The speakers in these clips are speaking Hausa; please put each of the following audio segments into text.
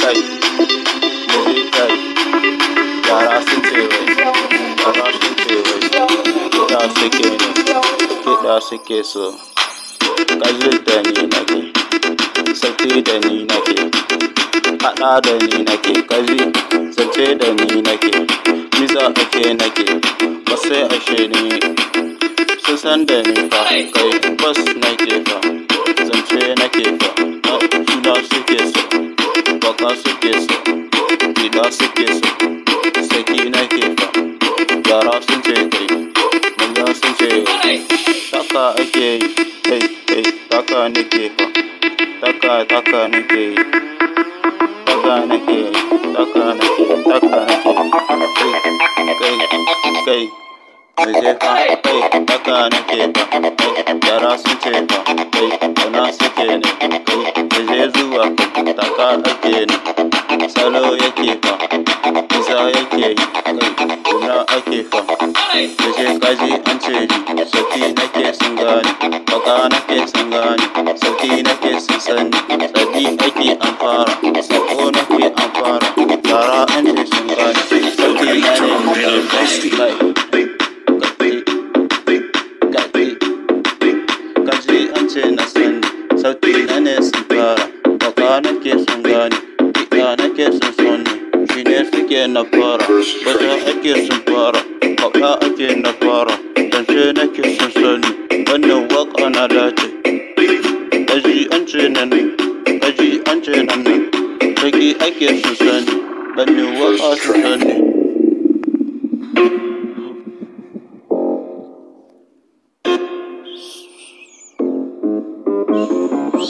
kai gobe kai yara sun ce wai yara sun ce wai kiɗa suke ne kiɗa suke so ƙazir da ni nake sake da ni nake haɗa da ni nake ƙazi zace da ni nake miza ake nake ba sai ashe ni sun san da ni fa kai bas nake fa zance nake fa suna suke so boka su kesu Gida su kesu Sekine kefa Yara sun ce kai Manya sun ce Taka ake yi Hey hey taka nake fa Taka taka nake yi Taka nake yi Taka nake yi Taka nake yi Kai kai Naje fa Kai taka nake fa Yara sun ce fa Kai Kana sun taka ake salo yake fa isa yake yi kai kuna ake fa da nake singani, gani baka nake singani, gani nake sun sani tsabi ake an fara sako nake an fara tara an ce sun gani sauki na ne kai Waka ke sun gane, kika ke sun sani, shi ne suke na fara, bata ake sun fara, waka ake na fara, na ke sun sani, wannan waka na dace. Aji an ce na ne, aji an ce na ne, saki ake sun sani, wannan waka sun sani.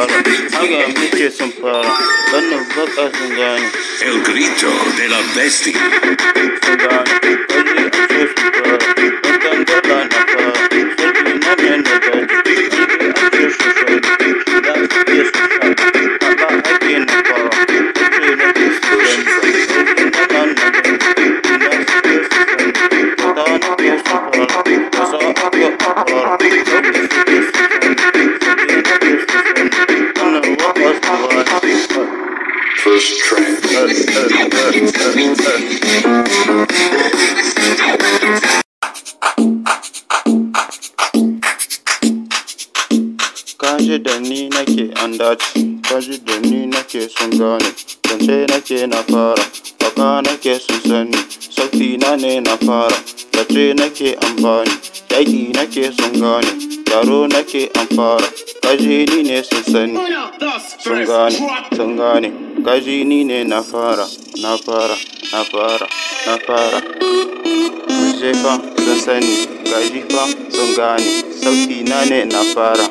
haga mucho son El grito de la bestia. dace ta ji da ni nake sun gane zance nake na fara na nake sun sani sauti na ne na fara zace nake amfani na nake sun gane taro nake amfara kaji ni ne sun sani sun gane sun gane kaji ni ne na fara na fara na fara na fara mun fa sun sani kaji fa sun gane sauti na ne na fara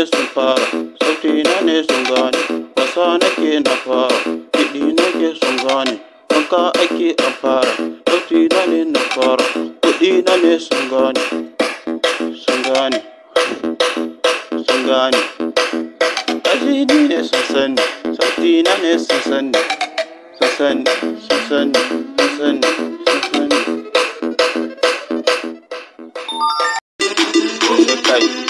ne fara sauti na ne sun gane nake na fara kiɗi nake sun gane ake sauti na ne na fara kuɗi na ne sun gane sun gane sun gane ne sun sani sauti na ne sun sani sun sani sun sani sun sani Thank you.